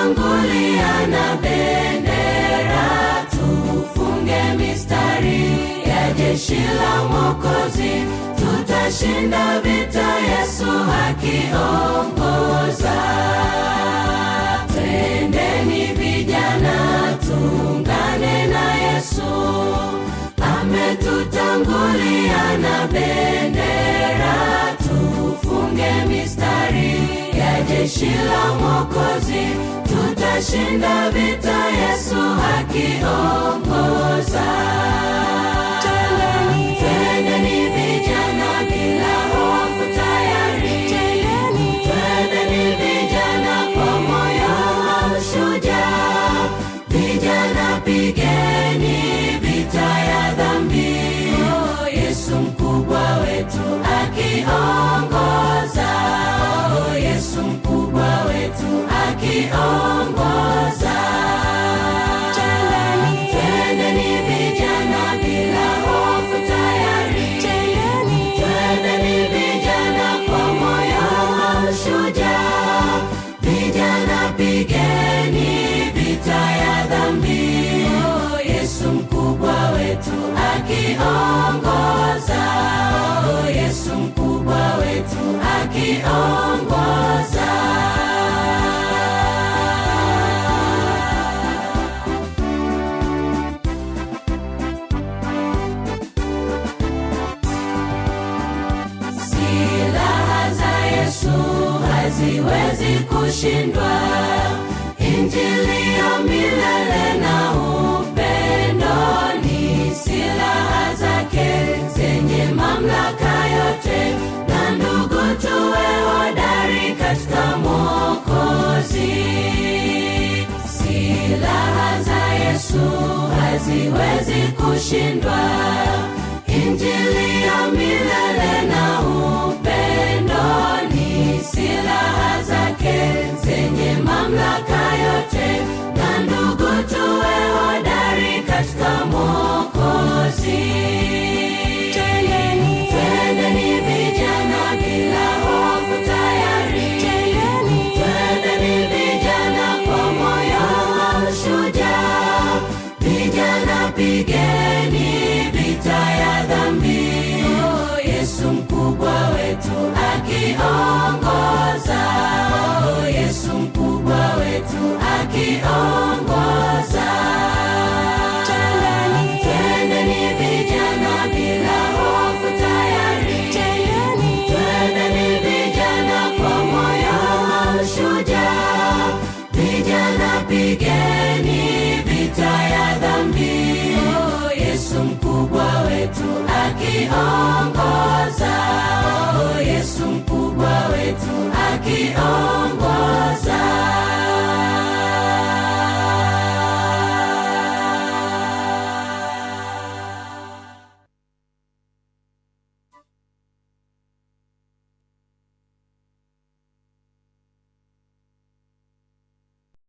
Tangulia na bendera tufunge mistari ya jeshi la Mwokozi, tutashinda vita, Yesu akiongoza. Twendeni vijana, tuungane na Yesu, ametutangulia na bendera tufunge mistari ya jeshi la Mwokozi Kashinda vita, Yesu haki akiongoza silaha za Yesu haziwezi kushindwa. Injili ya milele na upendo ni silaha zake zenye mamlaka. haiwezi kushindwa. Injili ya milele na upendo ni silaha zake zenye mamlaka yote, na ndugu, tuwe hodari katika Mwokozi. Yesu mkubwa wetu akiongoza, oh, Yesu mkubwa wetu akiongoza. vijana pigeni vita ya dhambi, oh, Yesu mkubwa wetu akiongoza wetu akiona oh.